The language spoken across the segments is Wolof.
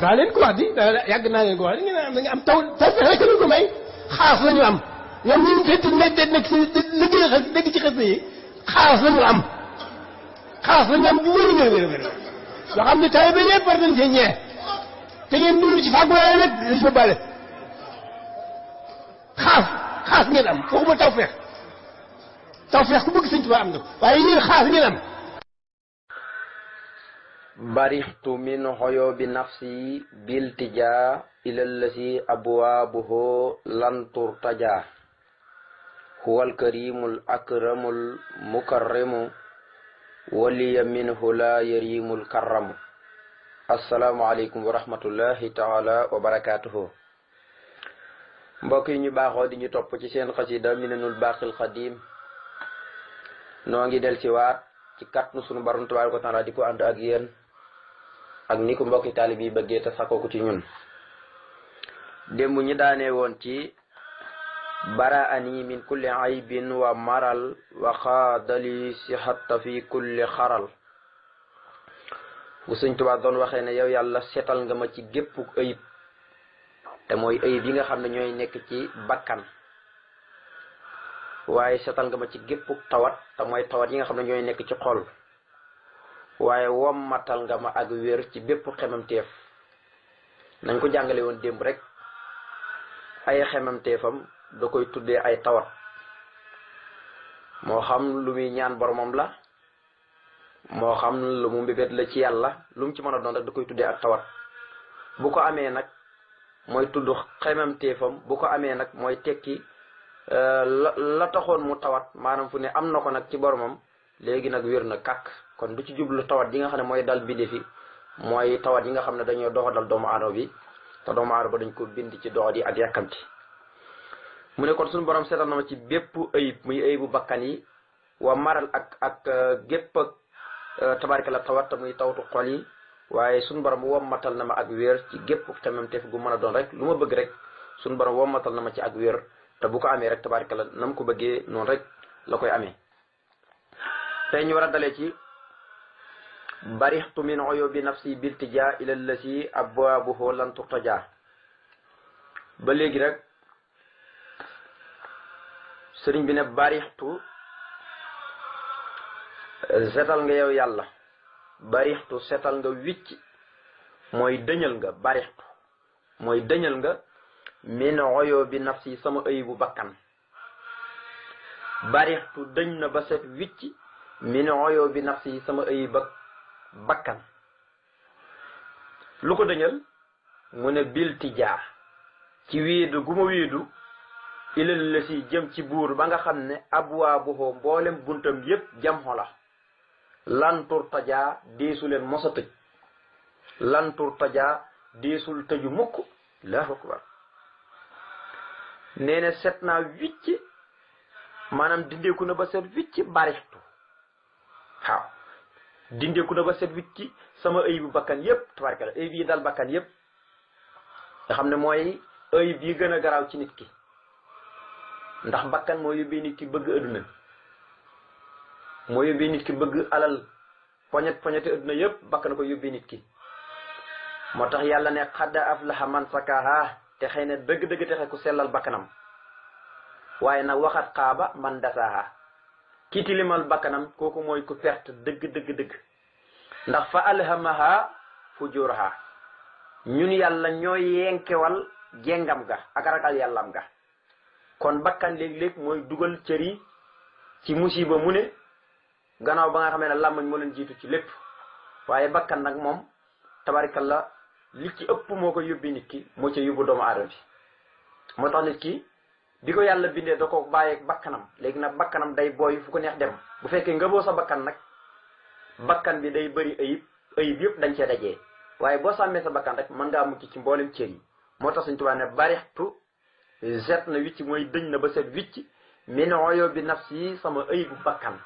daa ko wax di yàgg naa ko wax di ngeen am da nga am taw taw fexe rek ko am ñoom ñu nekk nekk si dëgg ci xas yi xaas am xaas la ñu am bu wér a wér a wér yoo xam ne taw te ci fàggu waaye nag am waxuma taw feex taw feex ku bëgg sëñ Tuubaa am waaye yéen xaas ngeen am barixtu min xoyoobi nafsi biltija ilallasi abwaabuhu lan turtaja huwa alkarimu alakramu almukarrimu waliya minhu la yarimu alkarramu asalaamu aleykum wa rahmatullahi taala wa barakatuhu mbokk yi ñu baaxoo di ñu topp ci seen xasida minanul baaxil xadim noo ngi del ci waat ci kàttanu sunu borom tabaaraka wa taala di ànd ak yéen ak ni ko mbokki taalib yi bëggee te sakoo ci ñun démb ñi daanee woon ci baraani min kulli aybin wa maral wa xaadali sixatta fi kulli xaral bu sëñ Tuubaa doon waxee ne yow yàlla seetal nga ma ci gépp ayib te mooy ayib yi nga xam ne ñooy nekk ci bakkan waaye seetal nga ma ci gépp tawat te mooy tawat yi nga xam ne ñooy nekk ci xool waaye matal nga ma ak wér ci bépp xemamteef nañ ko jàngale woon démb rek ay xemamteefam da koy tuddee ay tawat moo xam lu muy ñaan boromam la moo xam lu mu mbébét la ci yàlla lum ci mën a doon rek da koy tuddee ak tawat bu ko amee nag mooy tudd xemamteefam bu ko amee nag mooy tekki euh, la la taxoon mu tawat maanaam fu ne am na ko nag ci boromam léegi nag wér na kàkk kon du ci jublu tawat yi nga xam ne mooy dal bindee fi mooy tawat yi nga xam ne dañoo doxa dal doomu aadama bi te doomu aadama dañ ko bind ci doxat yi ak yàkkamti mu ne kon suñu borom seetal na ma ci bépp ayib muy ayibu bakkan yi wa maral ak ak gépp ak euh, tabarka la tawat te muy tawtu xol yi waaye suñu borom wommatal na ma ak wér ci gépp tamam teef gu man a doon rek lu ma bëgg rek suñu borom wommatal na ma ci ak wér te bu ko amee rek tabarka la nam ko bëggee noonu rek la koy amee tey ñu war dalee ci barixtu min uyubi nafsi biltija ila lasi abwaabuhu lan turtaja ba léegi rek sëriñ bi ne barixtu setal nga yow yàlla barixtu setal nga wicc mooy dëñal nga barixtu mooy dëñal nga min uyubi nafsi sama ayibu bakkan barixtu dëñ na ba set wicc min uyubi nafsi sama ayibu bakkan bakkan lu ko dëñal mu ne bilti jaa ci wiidu gu ma wiidu ilal la si jëm ci buur ba nga xam ne abwaa boxoo mboolem buntam yépp jam la lantur tajaa diisu leen mosa tëj lantur tajaa diisul tëju mukk laahu akbar nee set naa wicc maanaam dindeeku na ba set wicc barixtu waaw dindeeku na ba set wit ci sama ayib bakkan yépp tabarkala ayib yi dal bakkan yépp nga xam ne mooy ayib yi gën a garaaw ci nit ki ndax bakkan moo yóbbee nit ki bëgg alal poñet poñete adduna yépp bakkan ko yóbbee nit ki moo tax yàlla ne xadda aflaha man sakaha te xëy na dëgg-dëgg texe ku sellal bakkanam waaye nag waxat xaaba man dasaaha ki tilimal bakkanam kooku mooy ku perte dëgg dëgg dëgg ndax fa alhamaha fujuraha ñun yàlla ñoo yenkewal jengam ga ak ragal yàllam ga kon bakkan léeg-léeg mooy dugal cër yi ci musiba mu ne gannaaw ba nga xamee ne làmmañ moo leen jiitu ci lépp waaye bakkan nag moom tabarikalla li ci ëpp moo ko yóbbi nit ki moo ci yóbbu doomu aadama bi moo tax nit ki bi ko yàlla bindee da ko bàyyeeg bakkanam léegi nag bakkanam day booy fu ko neex dem bu fekkee nga boo sa bakkan nag bakkan bi day bëri ayib ayib yëpp dañ cee dajee waaye boo sàmmee sa bakkan rek mën ngaa mucc ci mboolem cër yi moo tax suñ tubaab ne barixtu set na wicc mooy dëñ na ba set wicc min oyo bi nafs yi sama ayibu bakkan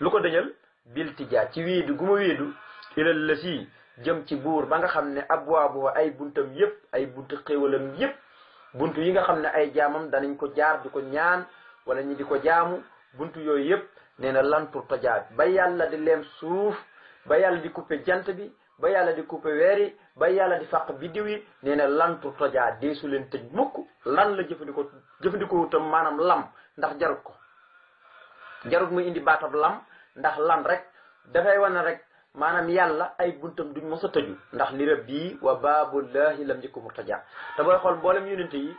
lu ko dëñal bil tijaa ci wiidu gu ma wiidu ilal la sii jëm ci buur ba nga xam ne abwaabu ay buntam yëpp ay buntu xéwalam yëpp buntu yi nga xam ne ay jaamam danañ ko jaar di ko ñaan wala ñi di ko jaamu buntu yooyu yëpp nee na lan pour tojaab ba yàlla di leem suuf ba yàlla di coupé jant bi ba yàlla di coupé weer ba yàlla di fàq biddiw yi nee na lan pour tojaa deesu leen tëj mukk lan la jëfandikoo jëfandikoo tam maanaam lam ndax jarut ko jarut mu indi baatab lam ndax lan rek dafay wane rek maanaam yàlla ay buntam duñ mos a tëju ndax ni rab bii wa baabullahi lam jëkko mu tojaa te booy xool mboolem yonent yi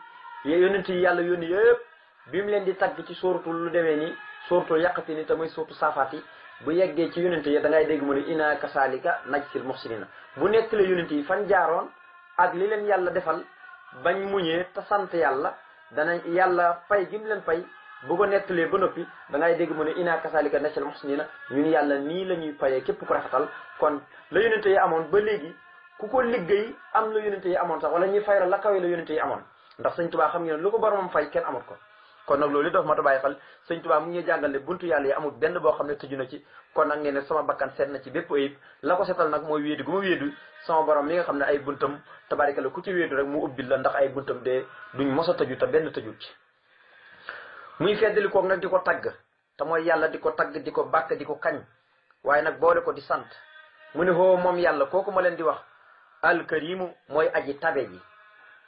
yonent yi yàlla yónni yëpp bi leen di tagg ci sóoratul surtout yàqati ni te muy surtout saafaat yi bu yeggee ci yonent yi da ngay dégg mu ne ina kasaalika najsil muxsinina bu nekk la yonent yi fan jaaroon ak li leen yàlla defal bañ muñee te sant yàlla dana yàlla pay gim leen pay bu ko lee ba noppi da ngay dégg mu ne ina kasaalika najsil muxsinina ñun yàlla nii la ñuy payee képp ko rafetal kon la yonent yi amoon ba léegi ku ko liggéey am la yonent yi amoon sax wala ñuy fayra la kawe la yonent yi amoon ndax sëñ Tuubaa xam ngeen ko kon nag loolu li dafa mat a bàyyi xel sëñ Tuubaa mu ngi jàngal buntu yàlla yi amul benn boo xam ne tëju na ci kon nag ngeen ne sama bakkan seet na ci bépp ayib la ko seetal nag mooy wéedu gu ma wéedu sama borom li nga xam ne ay buntam tabarika la ku ci wéedu rek mu ubbil la ndax ay buntam de duñ mos a tëju te benn tëju ci muy feddali koog nag di ko tagg te mooy yàlla di ko tagg di ko bàkk di ko kañ waaye nag boole ko di sant mu ne hoo moom yàlla kooku ma leen di wax al karimu mooy aji tabe ji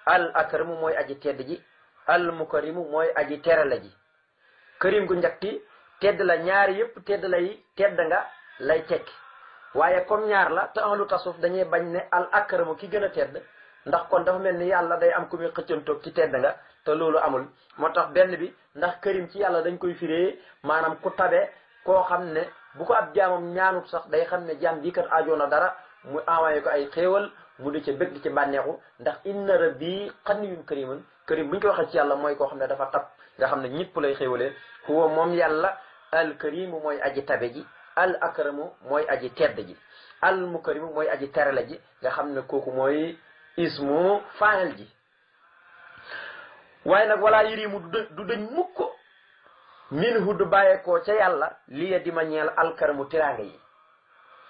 al akramu mooy aji tedd ji al mukarimu mooy aji la ji kërim gu njag gi tedd la ñaari yëpp tedd lay tedd nga lay tekki waaye comme ñaar la te lu tasuuf dañuy bañ ne al akramu ki gën a tedd ndax kon dafa mel ni yàlla day am ku muy xëccantoog ci tedd nga te loolu amul moo tax benn bi ndax kërim ci yàlla dañ koy firee maanaam ku tabe koo xam ne bu ko ab jaamam ñaanut sax day xam ne jaam bii kat aajoona dara mu envoyé ko ay xéewal mu di ci bëgg ci bànneexu ndax inna rabbi xaniyun karimun karim bu ñu ko waxee ci mooy koo xam ne dafa tab nga xam ne ñëpp lay xéwalee huwa moom yàlla al karimu mooy aji tabe ji al akramu mooy aji tedd ji al mukarimu mooy aji terale ji nga xam ne kooku mooy ismu faanel ji waaye nag walaa yërimu du dëñ mukk ko min hu du bàyyeekoo ca yàlla liya di ma ñeel alkaramu tiraanga yi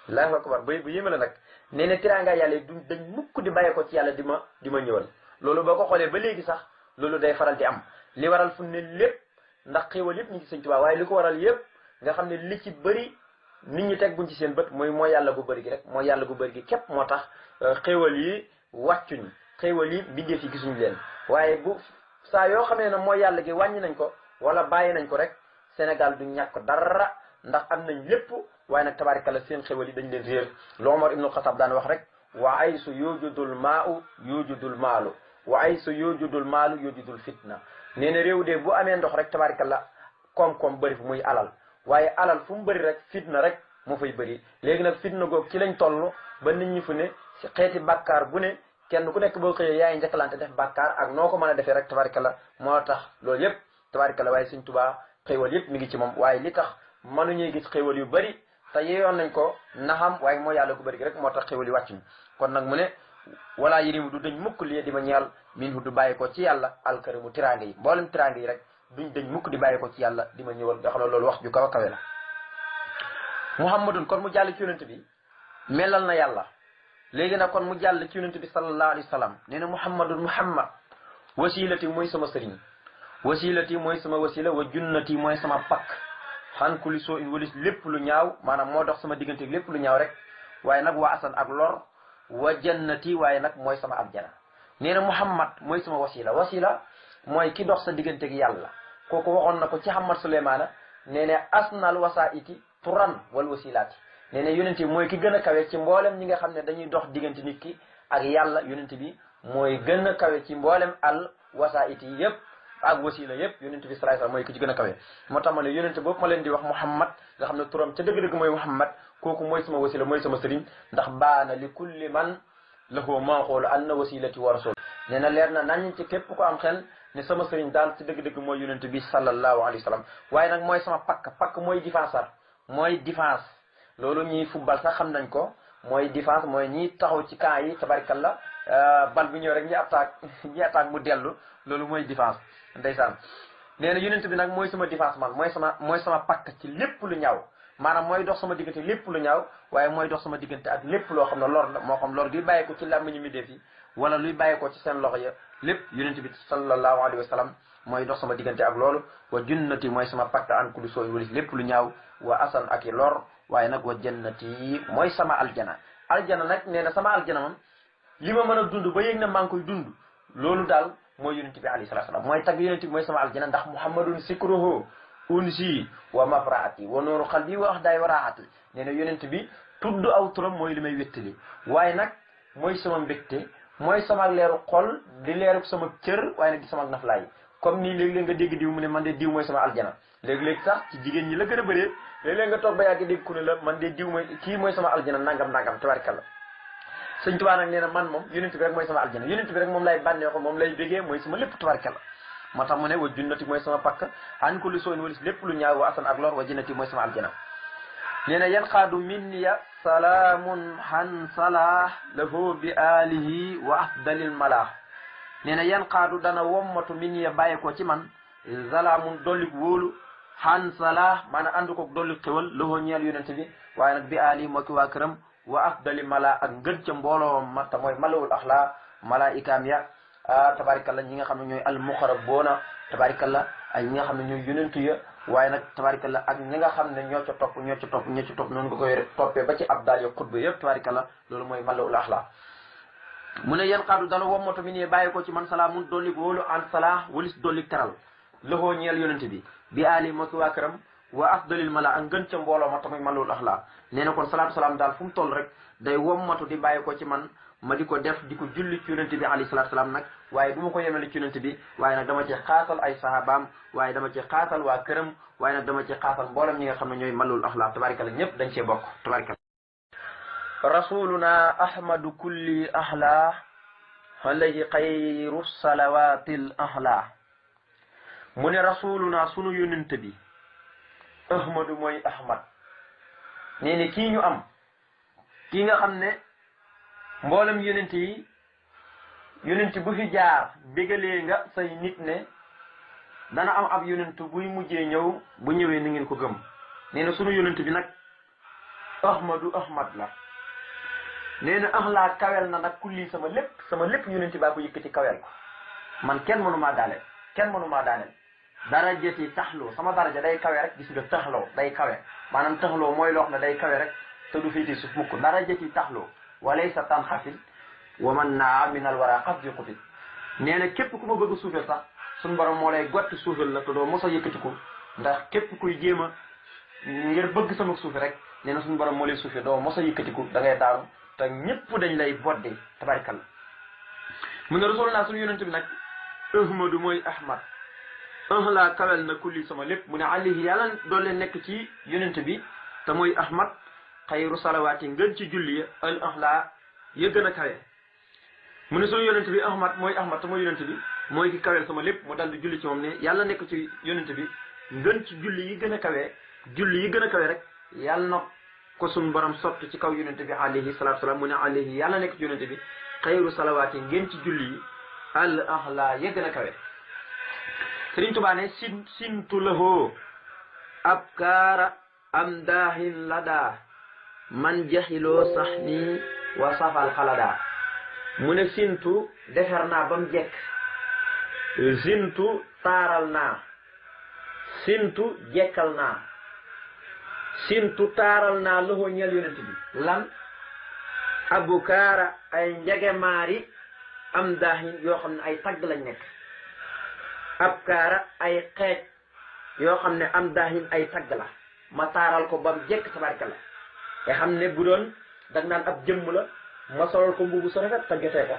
allahu akbar bay bu yéme la nag nee na tiraanga yàlla du dañ mukk di bàyyi ko ci yàlla di ma di ma ñëwal loolu boo ko xoolee ba léegi sax loolu day faral di am li waral fu ne lépp ndax xéewal yëpp ñu ngi sëñ Tuubaa waaye li ko waral yëpp nga xam ne li ci bëri nit ñi teg buñ ci seen bët mooy mooy yàlla gu bëri gi rek mooy yàlla gu bëri gi képp moo tax euh, xéewal yi wàccuñ xéewal yi bindee fi gisuñu leen waaye bu saa yoo xam ne mooy yàlla gi wàññi nañ ko wala bàyyi nañ ko rek Sénégal du ñàkk dara ndax am nañ lépp waaye nag tabaarikalla seen xéwal yi dañ leen réer lu Omar ibnu Xattaab daan wax rek wa ay su yoojudul maau yoojudul maalu wa ay su yoojudul maalu yoojudul fitna nee na réew de bu amee ndox rek tabaarikalla koom-koom bëri fu muy alal waaye alal fu mu bëri rek fitna rek moo fay bëri léegi nag fitna goog ci lañ toll ba nit ñi fu ne si xeeti bàkkaar bu ne kenn ku nekk boo xëyee yaay njëkkalante def bàkkaar ak noo ko mën a defee rek tabaarikalla moo tax loolu yépp tabaarikalla waaye Sëñ Tuubaa xéwal yépp mi ngi ci moom waaye li tax mënuñuy gis xéwal yu bëri te yeeyoon nañ ko naxam waaye moo yàlla gu bëri rek moo tax xéwali wàcc mi kon nag mu ne walaa yërimu du dañ mukk li di ma ñeel min du bàyyi ko ci yàlla alkarimu tiraange yi mboolem tiraange yi rek duñ dañ mukk di bàyyi ko ci yàlla di ma ñëwal nga loolu wax ju kaw a kawe la muhammadun kon mu jàll ci yonent bi melal na yàlla léegi nag kon mu jàll ci yonent bi sallallahu alayhi wa sallam nee na muhammadun muhammad wasilati mooy sama sëriñ wasilati mooy sama wasila wa junnati mooy sama pakk xànku li soo in walis lépp lu ñaaw maanaam moo dox sama digganteeg lépp lu ñaaw rek waaye nag waa asan ak lor wa jannati waaye nag mooy sama aljana nee na muhammad mooy sama wasila wasila mooy ki dox sa diggante digganteeg yàlla kooku waxoon na ko ci Hamad Souleymane nee na asnal wasaa'iti turan wal wasilaati nee na yonent bi mooy ki gën a kawe ci mboolem ñi nga xam ne dañuy dox diggante nit ki ak yàlla yonent bi mooy gën a kawe ci mboolem al it yi yépp ak wasila yëpp yonent bi salaay salaam mooy ki ci a kawe moo tax ma ne yonent boobu ma leen di wax Muhammad nga xam ne turam ca dëgg-dëgg mooy Muhammad kooku mooy sama sëriñ ndax baana li kulli man lahu manqoolu an na wasilati wa rasul nee na leer na nañ ci képp ko am xel ne sama sëriñ daal ci dëgg-dëgg mooy yonent bi sallallahu alayhi wa sallam waaye nag mooy sama pakk pakk mooy défenseur mooy défense loolu ñuy football sax xam nañ ko mooy défense mooy ñiy taxaw ci camp yi tabarkalla Euh, bal bi ñëw rek ñi attaque ñi attaque mu dellu loolu mooy défense ndeysaan nee na yonent bi nag mooy sama défense man mooy sama mooy sama pakk ci lépp lu ñaaw maanaam mooy dox sama diggante lépp lu ñaaw waaye mooy dox sama diggante ak lépp loo xam ne lor la moo xam lor luy bàyyeekoo ci làmmiñu mi def yi wala luy bàyyeekoo ci seen loxo ya lépp yonent bi sallallahu wa sallam mooy dox sama diggante ak loolu wa junnati mooy sama pakk an ku du sooy walis lépp lu ñaaw wa asan ak i lor waaye nag wa jannati mooy sama aljana aljana nag nee na sama aljana moom li ma mën a dund ba yëg na maa ngi koy dund loolu daal mooy yonent bi alayhi salaatu salaam mooy tagg yonent bi mooy sama aljana ndax muhammadun sikruhu unsi wa mafraati wa nooru xalbi wa axdaay wa raaxati nee na yonent bi tudd aw turam mooy li may wéttali waaye nag mooy sama mbégte mooy sama leeru xol di leeru sama cër waaye nag di sama naflaay comme nii léeg-léeg nga dégg diw mu ne man de diw mooy sama aljana léeg-léeg sax ci jigéen ñi la gën a bëree léeg-léeg nga toog ba yàgg dégg ku ne la man de diw mooy kii mooy sama aljana nangam nangam tabarkalla sëñ tubaa nag nee man moom yonent bi rek mooy sama aljana yonent bi rek moom lay bànneexu moom lay bégee mooy sama lépp tubarkalla moo tax mu ne wa junnati mooy sama pakk an ko lu sooyn walis lépp lu ñaaw wa asan ak lor wa jinnati mooy sama aljana nee na yan xaadu minniya salaamun han salah lahu bi alihi wa afdalil malah nee na yan xaadu dana wommatu minniya bàyyi ko ci salaamun dollik wóolu han salah maanaam ànd dollik xewal lahu ñeel bi waaye nag moo ki waa këram wa afdali mala ak ngën ca mbooloom ma te mooy malawul axla malaikaam ya tabarikalla ñi nga xam ne ñooy almuqarraboona tabarikalla ay ñi nga xam ne ñooy yonentu ya waaye nag tabarikalla ak ñi nga xam ne ñoo ca topp ñoo ca topp ñoo ca topp noonu ko koy toppee ba ci abdal ya xutba yëpp tabarikalla loolu mooy malawul axla mu ne yan xaadu dana wommoto mi ne bàyyi ko ci man salaa mun dolli wóolu an salaa walis dolli teral loxoo ñeel yonente bi bi ali mosu waa këram wa afdalil mala a gën ca mbooloo ma tamuy malul axlaa nee na kon salaatu salaam daal fu mu toll rek day wommatu di bàyyi ko ci man ma di ko def di ko julli ci yonent bi alayhi salaatu salaam nag waaye duma ma ko yemele ci yonent bi waaye nag dama ci xaatal ay sahabaam waaye dama jee xaatal waa këram waaye nag dama ci xaatal mboolem ñi nga xam ne ñooy malul axlaa tabarikala ñëpp dañ cee bokk tabarikala rasuluna ahmadu kulli ahla alladhi xayru salawatil ahla mu ne rasuluna sunu yonent bi ahmadu mooy ahmad nee kii ñu am kii nga xam ne mboolem yonent yi yonent bu fi jaar bégalee nga say nit ne dana am ab yonent buy mujjee ñëw bu ñëwee ni ngeen ko gëm nee na sunu yonent bi nag ahmadu ahmad la nee na axlaa kawel na nag ku kulli sama lépp sama lépp yonent baa ko yëkkati kawel ko man kenn mënu maa kenn mënu maa daaneel darajati taxlu sama daraja day kawe rek gis nga taxloo day kawe maanaam taxloo mooy loo xam ne day kawe rek te du féetee suuf mukk darajati taxloo walaysa tanxasil wa man naa min alwara qad yuqutit nee na képp ku ma bëgg a suufeel sax suñu borom moo lay gotti suufeel la a yëkkatiku ndax képp kuy jéem a ngir bëgg sama suufe rek nee na suñu borom moo lay suufee doo mos a yëkkatiku da ngay daanu te ñëpp dañ lay bodde tabarikal a ne rasul naa suñu yonent bi nag ahmadu mooy ahmad anla kawel na kulli sama lépp mu ne yàlla doon leen nekk ci yonent bi te mooy ahmad xayru salawaati ngën ci julli ya gën a kawe mu ne sama yonent bi ahmad mooy ahmad te mooy yonent bi mooy ki kawel sama lépp mu dal di julli ci moom ne yàlla nekk ci yonent bi ngën ci julli yi gën a kawe julli yi gën a kawe rek yàlla na ko suñ borom sotti ci kaw yonent bi alayhi salaatu salaam mu ne alayhi yàlla nekk ci yonent bi xayru salawaati ngën ci julli yi al ahla ya gën kawe sëriñ sintu lahoo ab kaara am daaxin la man jaxiloo sax nii wa safal xaladaa mu ne sintu defar naa bam mu jekk sintu taaral naa sintu jekkal naa sintu taaral naa loxo ñel yonent bi lan abu kaara ay njegemaari am daaxin yoo xam ne ay tagg lañ nekk abkaara ay xeej yoo xam ne am daahin ay tagg la ma taaral ko bam jekk tabarka la xam ne bu doon dag naan ab jëmm la ma solol ko mbubu so rafet taggatee ko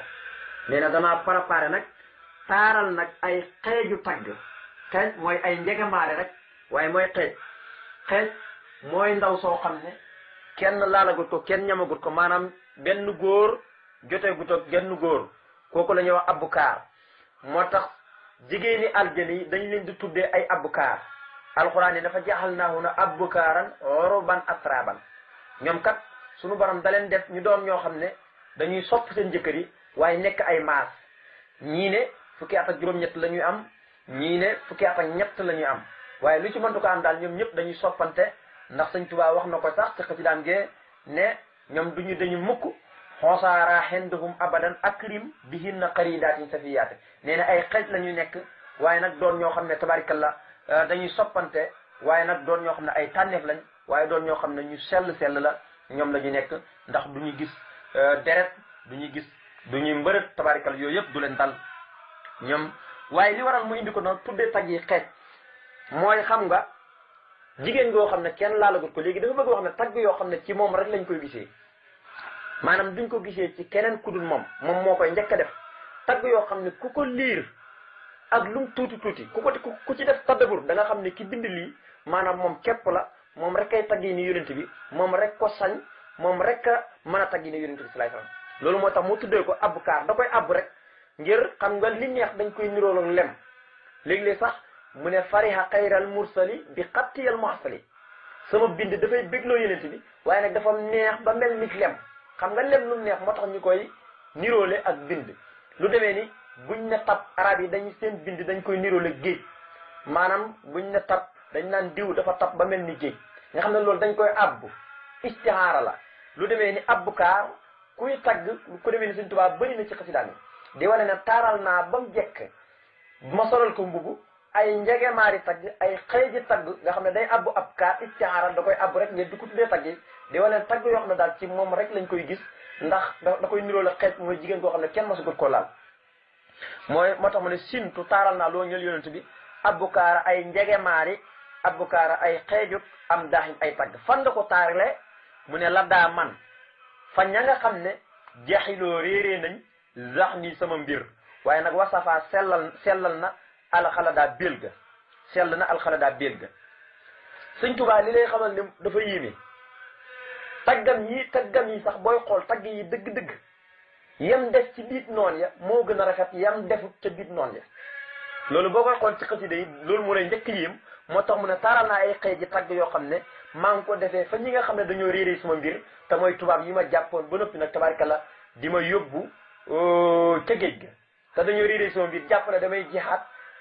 nee na damaa nag taaral nag ay xeeju tagg xeej mooy ay njegamaare rek waaye mooy xeej xeej mooy ndaw soo xam ne kenn laalagut ko kenn ñamagut ko maanaam benn góor joteegut ak genn góor kooku la ñuy wax kaar moo tax jigéeni aljana yi dañ leen di tuddee ay abbukaar alxuraan yi dafa jaaxal naahu na abbukaaran ruban atraban ñoom kat sunu borom da leen def ñu doon ñoo xam ne dañuy sopp seen jëkkër yi waaye nekk ay maas ñii ne fukki at ak juróom-ñett la am ñii ne fukki at ñett lañuy am waaye lu ci mëntu ko am daal ñoom ñëpp dañuy soppante ndax sëñ Tuubaa wax na ko sax ci xasidaam gee ne ñoom duñu dañu mukk xonsaaraa xendahum abadan akrim bihinna qarindatin safiyaate nee na ay xeet la ñuy nekk waaye nag doon ñoo xam ne la euh, dañuy soppante waaye nag doon ñoo xam ne ay tànneef lañ waaye doon ñoo xam ne ñu sell sell la ñoom la ñu nekk ndax du ñu gis euh, deret du ñu gis du ñuy mbërët tabarikalla yooyu yëpp du leen dal ñoom waaye li waral mu indi ko noonu tuddee tag yi xeet mooy xam nga jigéen goo xam ne kenn laalagut ko léegi dafa bëgg wax ne tagg yoo xam ne ci moom rek lañ koy gisee maanaam duñ ko gisee ci keneen ku dul moom moom moo koy njëkk a def tagg yoo xam ne ku ko liir ak lum tuuti tuuti ku ko ku ci def tadabur da nga xam ne ki bind lii maanaam moom képp la moom rek ay tagg yi ni yonent bi moom rek ko sañ moom rek a mën a tagg yi ni yonent bi salaay salaam loolu moo tax mu tuddee ko ab kaar da koy ab rek ngir xam nga li neex dañ koy nirooloog lem léegi léeg sax mu ne fariha xayral mursali bi xattiyal muhsali sama bind dafay bégloo yonent bi waaye nag dafa neex ba mel ni lem xam nga lem lu neex moo tax ñu koy niroole ak bind lu demee ni buñ ne tab arab yi dañ seen bind dañ koy niroole géej maanaam buñ ne tab dañ naan diw dafa tab ba mel ni géej nga xam ne loolu dañ koy abbu istihaara la lu demee ni abbu kaar kuy tagg ku demee ni suñ tubaab bëri na ci xasidaan yi di wane ne taaral naa ba mu jekk ma solal ko mbubu ay njegemaari tagg ay xëeji tagg nga xam ne day abbu ab kaa istiaara da koy abbu rek mais du ko tuddee tagg di waneen tagg yoo xam ne daal ci moom rek lañ koy gis ndax da koy niroo la xeet mooy jigéen koo xam ne kenn masugut ko laal mooy moo tax mu ne sintu taaral naa loo ñël yonent bi abbu kaara ay njegemaari abbu kaara ay xeeju am daaxin ay tagg fan la ko taarale mu ne la daa man fa ña nga xam ne jaxiloo réeree nañ zax nii sama mbir waaye nag wasafaa sellal sellal na alxaladaa bél ga sell na alxaladaa bél ga sëñ tubaa li lay xamal ne dafa yéeme taggam yi taggam yi sax booy xool tagg yi dëgg-dëgg yam def ci biit noon ya moo gën a rafet yam defut ca biit noon ya loolu boo koy xool ci xasida yi loolu mu lay njëkk yéem moo tax mu ne taaral naa ay xëy ji tagg yoo xam ne maa ngi ko defee fa ñi nga xam ne dañoo réeré suma mbir te mooy tubaab yi ma jàppoon ba noppi nag tabarkalla di ma yóbbu euh, ca géej ga te dañoo réeré suma mbir jàpp ne damay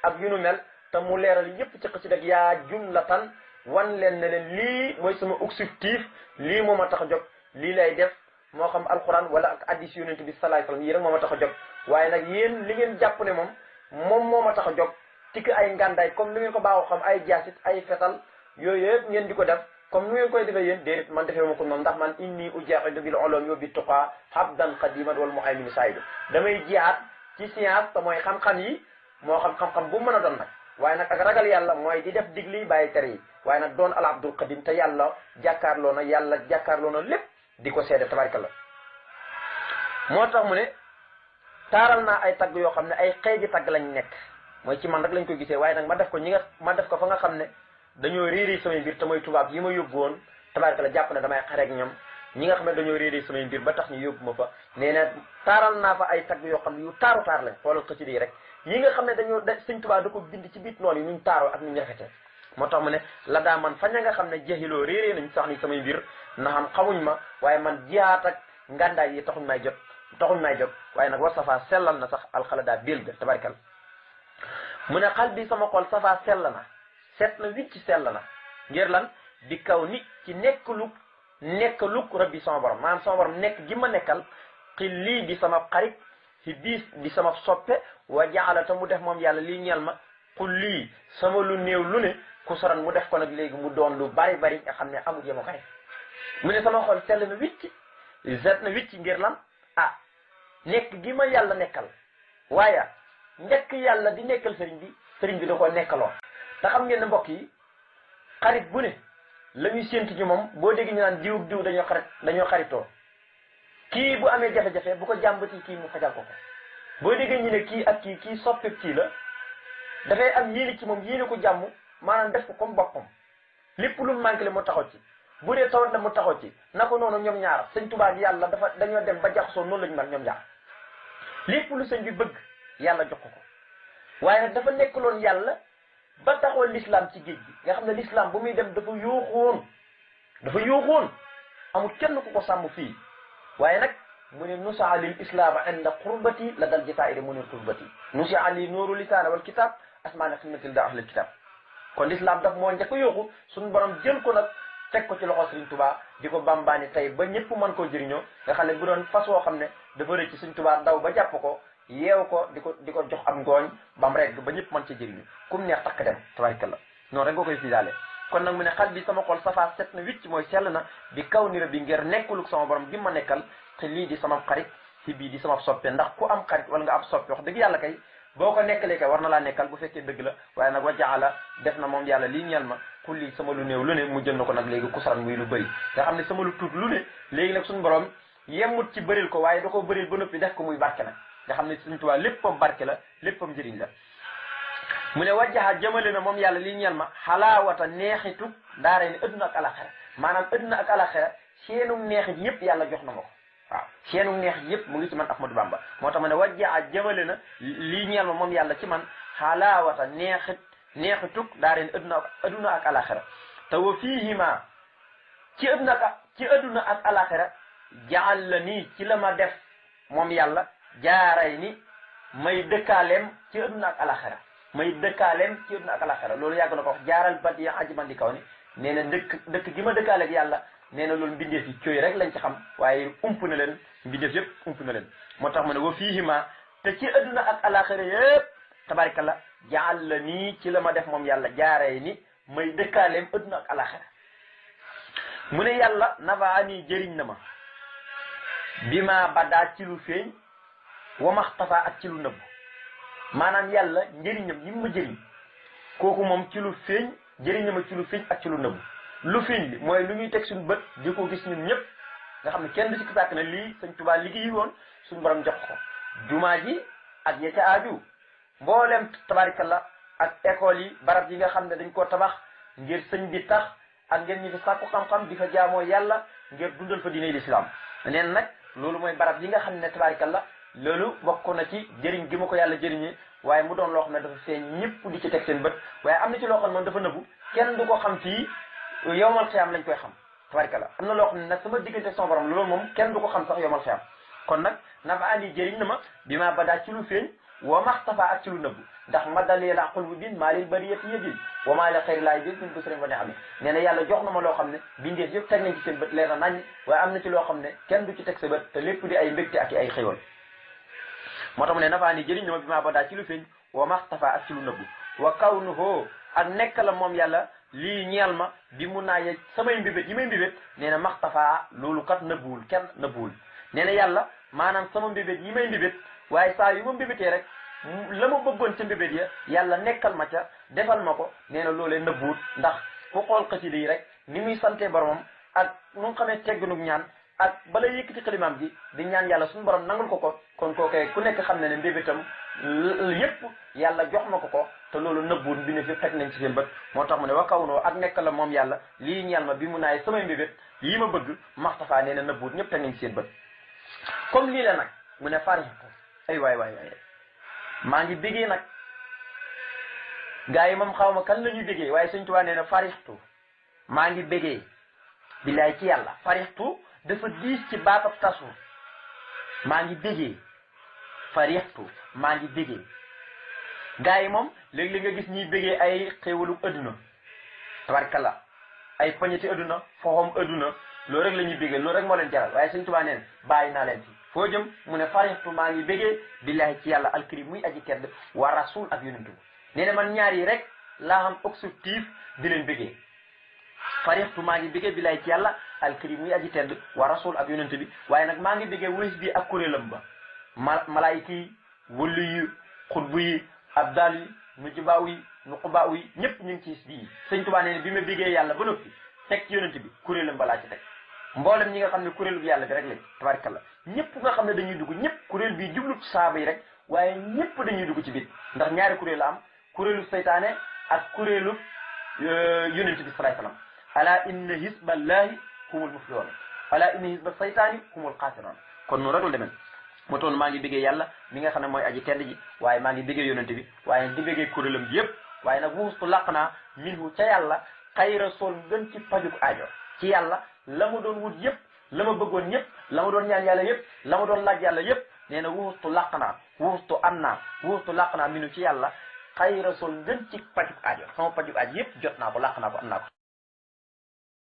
ak yu nu mel te mu leeral yépp ci xasida ak yaa jumlatan wan leen ne leen lii mooy sama objectif lii moom a tax a jóg lii lay def moo xam alxuraan wala ak addis yonent bi salaay salaam yii rek moo ma tax a jóg waaye nag yéen li ngeen jàpp ne moom moom moo ma tax a jóg tikk ay ngàndaay comme ni ngeen ko baaxoo xam ay jaasit ay fetal yooyu yëpp ngeen di ko def comme ni ngeen koy defee yéen déedéet man defee ma ko moom ndax man inni ujaahidu bil ulum wa bi tuqaa habdan qadiman wal muhaymin moo damay jihaat ci science te mooy xam-xam yi moo xam xam-xam bu mën a doon nag waaye nag ak ragal yàlla mooy di def digli bàyyi tere yi waaye nag doon al abdul qadim te yàlla jàkkaarloo na yàlla jàkkaarloo na lépp di ko seede la moo tax mu ne taaral naa ay tagg yoo xam ne ay xeeji tagg lañ nekk mooy ci man rek lañ ko gisee waaye nag ma def ko ñi nga ma def ko fa nga xam ne dañoo réeri samay mbir te mooy tubaab yi ma yóbbu woon la jàpp ne damay xareek ñoom ñi nga xam ne dañoo réeri samay mbir ba tax ñu yóbbu ma fa nee ne taaral naa fa ay tagg yoo xam ne yu taaru taar lañ xoolal ko ci di rek yi nga xam ne dañoo da Sëñ Tuubaa da ko bind ci biit noonu yi nuñ taaroo ak nuñ rafetee moo tax mu ne la daa man fañ nga xam ne jeexiloo réeree nañ sax ni samay biir na xam xamuñ ma waaye man jiyaat ak ngàndaay yi taxuñ may jot taxuñ may jot waaye nag war safaa sellal na sax alxala daa béel ga tabarikal mu ne xal bi sama xol safaa sell na set na wicc sell na ngir lan di kaw nit ci nekk lu nekk lu rabbi sama borom maanaam sama borom nekk gi ma nekkal xil lii bi sama xarit ci biis di sama soppe wa jaala ta mu def moom yàlla lii ñeel ma xul lii sama lu néew lu ne ku soran mu def ko nag léegi mu doon lu bari bari nga xam ne amul yema kay mu ne sama xol sell na wicc na wicc ngir lan ah nekk gi ma yàlla nekkal waaye njëkk yàlla di nekkal sëriñ bi sëriñ bi da ko nekkaloo te xam ngeen mbokk yi xarit bu ne la ñuy séntu moom boo dégg ñu naan diw diw dañoo xarit dañoo xaritoo kii bu amee jafe-jafe bu ko jàmbati kii mu fajal ko ko boo déggee ñu ne kii ak kii kii soppeeku kii la dafay am yéene ci moom yéene ko jàmm maanaam def ko comme boppam lépp lu mu manqué mu taxaw ci bu dee tawat la mu taxaw ci na ko noonu ñoom ñaar sëñ Tuubaa ak yàlla dafa dañoo dem ba jaxasoo noonu lañu ñu ñoom ñaar lépp lu sëñ bi bëgg yàlla jox ko ko waaye nag dafa nekkaloon yàlla ba taxoon lislaam ci géej gi nga xam ne lislaam bu muy dem dafa yooxoon dafa yooxoon amul kenn ku ko sàmm fii waaye nag mu ne nusaa lil islam inda qurbati la dal yi mu ne qurbati nusaa li nooru lisaana wal kitaab asmaana sunnatil da ahlil kitaab kon l'islam daf moo njëkk a yooxu suñu borom jël ko nag teg ko ci loxo Sëriñ tubaa di ko bambaani tey ba ñëpp mën koo jëriñoo nga xam ne bu doon fas woo xam ne dafa rëcc ci Sëriñ ndaw ba jàpp ko yeew ko di ko di ko jox am ngooñ bam rek ba ñëpp mën ci jëriñu kum neex takk dem tabarikalla noonu rek nga koy fiidaale kon nag mu ne xal bi sama xol safa set na wicc mooy sell na bi kaw nira bi ngir nekkuluk sama borom gi ma nekkal te lii di sama xarit si bii di sama soppe ndax ku am xarit wala nga am soppe wax dëgg yàlla kay boo ko nekkalee kay war na laa nekkal bu fekkee dëgg la waaye nag wa jaala def na moom yàlla lii ñal ma ku lii sama lu néew lu ne mu jël ko nag léegi kusaran muy lu bëri nga xam ne sama lu tuut lu ne léegi nag suñu borom yemut ci bëril ko waaye da ko bëril ba noppi def ko muy barke nag nga xam ne suñu tubaab léppam barke la léppam njëriñ la mu ne wajjaha jëmale na moom yàlla lii ñeel ma xalaawata neexitu daaray ni adduna ak alaxira maanaam adduna ak alaxira seenum neexit yëpp yàlla jox na ma ko waaw seenum neexit yëpp mu ngi ci man Ahmadou Bamba moo tax mu ne wajjaha jëmale na lii ñeel ma moom yàlla ci man xalaawata neexit neexitu daaray ni adduna adduna ak alaxira te wa fiihima ci ak ci adduna ak alaxira jaal la nii ci la ma def moom yàlla jaaray ni may dëkkaaleem ci adduna ak alaxira may dëkkaaleem ci àdduna ak alaxira loolu yàgg na ko jaaral bat yi ajiman di kaw ni nee na dëkk dëkk gi ma dëkkaaleeg yàlla nee na loolu mbindeef yi cooy rek lañ ci xam waaye ump na leen mbindeef yëpp ump na leen moo tax ma ne wa fiihima te ci àdduna ak alaxira yëpp la jaal la ni ci la ma def moom yàlla jaaree ni may dëkkaaleem àdduna ak alaxira mu ne yàlla nafaani jëriñ na ma bi ma badaa ci lu feeñ wamaxtafa ak ci lu nëbb maanaam yàlla njëriñam yi ma jëriñ kooku moom ci lu feeñ jëriñam ci lu feeñ ak ci lu nëbbu lu feeñ li mooy lu ñuy teg suñu bët di ko gis ñun ñëpp nga xam ne kenn du ci sàkk ne lii li Tuubaa liggéey woon suñu borom jox ko jumaa ji ak ña aju mboolem mboolem la ak école yi barab yi nga xam ne dañ koo tabax ngir sëñ bi tax ak ngeen ñi fi sàkku xam-xam di fa jaamoo yàlla ngir dundal fa diine lislaam neen nag loolu mooy barab yi nga xam ne tabaarikalla loolu bokk na ci jëriñ gi ma ko yàlla jëriñee waaye mu doon loo xam ne dafa feeñ ñëpp di ci teg seen bët waaye am na ci loo xam ne moom dafa nëbbu kenn du ko xam fii lañ koy xam tabarkalla am na loo xam ne nag sama diggante sama borom loolu moom kenn du ko xam sax yowmal xiyaam kon nag nafa andi jëriñ na ma bi ma badaa ci lu feeñ wa maxtafa ak ndax ma dalee la bu bin maa lil bariyati yëdin wa maa la xëyri laay yàlla jox na loo xam ne bindeef yëpp teg nañ ci na nañ waaye am na ci loo xam ne kenn du ci teg sa bët te lépp di ay mbégte ak ay xéwal moo tax mu ne nafaa ni jëriñ na ma bi maa badaa ci lu feeñ wa maxtafa ak ci lu nëbbu wa kaw nu hoo ak nekk la moom yàlla lii ñeel ma bi mun naa yegg samay mbibét yi may mbibét nee na maxtafa loolu kat nëbbuwul kenn nëbbuwul nee yàlla maanaam sama mbibét yi may mbibét waaye saa yi ma mbibétee rek la ma bëggoon ca mbibét ya yàlla nekkal ma ca defal ma ko nee na loolee nëbbuwul ndax ku xool xasida yi rek ni muy sante boromam ak nu nga xamee tegginug ñaan ak bala yëkkati xalimaam bi di ñaan yàlla suñu borom nangul ko ko kon kookee ku nekk xam ne ne mbébétam yépp yàlla jox ma ko ko te loolu nëbbuun bi ne fi teg nañ ci seen bët moo tax mu ne wa kawnoo ak nekk la moom yàlla lii ñeel ma bi mu naay samay mbébét yi ma bëgg maxtafaa nee na nëbbuun ñëpp teg nañ ci seen bët comme lii la nag mu ne farix ko ay waay waay waay maa ngi bégee nag gaa yi moom xaw ma kan lañuy ñuy waaye Sëñ Tuubaa nee na farixtu maa ngi bégee billaay yàlla dafa diis ci baatab tasu maa ngi bégee farixtu maa ngi bégee gaa yi moom léeg-léeg nga gis ñuy bégee ay xéewalu adduna tabarkalla ay pañeti adduna foxom adduna loolu rek la ñuy bégee loolu rek moo leen jaral waaye sëñ Tuubaa neen bàyyi naa leen foo jëm mu ne farixtu maa ngi bégee billaahi ci yàlla alkarim muy aji tedd wa rasul ak yonentu nee na man ñaar yi rek laa am objectif di leen bégee farixtu maa ngi bégee billaahi ci yàlla alkarim muy aji tedd wa rasul ak yonent bi waaye nag maa ngi déggee wëys bi ak kuréelam ba ma malaayika yi wëllu yi xutbu yi abdal yi nujubaaw yi nuqubaaw yi ñëpp ñu ngi ci bii sëñ Tuubaa nee ne bi ma déggee yàlla ba noppi teg ci yonent bi kuréelam ba laa ci teg mboolem ñi nga xam ne kuréel bi yàlla bi rek lañ tabarkalla ñëpp nga xam ne dañuy duggu ñëpp kuréel bi jublu saaba yi rek waaye ñëpp dañuy dugg ci biir ndax ñaari kuréel la am kuréelu seytaane ak kuréelu euh, yonent humul muflihoon ala inna hizba saytaani humul xaasiroon kon noonu rek la demee moo maa ngi bëggee yàlla mi nga xam ne mooy aji tedd ji waaye maa ngi bëggee yonent bi waaye di bëggee kuréelam bi yëpp waaye nag wustu laq naa minhu ca yàlla xayra sol gën ci pajuk aajo ci yàlla la ma doon wut yëpp la ma bëggoon yëpp la ma doon ñaan yàlla yëpp la ma doon laaj yàlla yëpp nee na wustu laq naa wustu am naa wustu laq naa minhu ci yàlla xayra sol gën ci pajuk aajo sama pajuk aajo yëpp jot naa ko laq naa ko am naa ko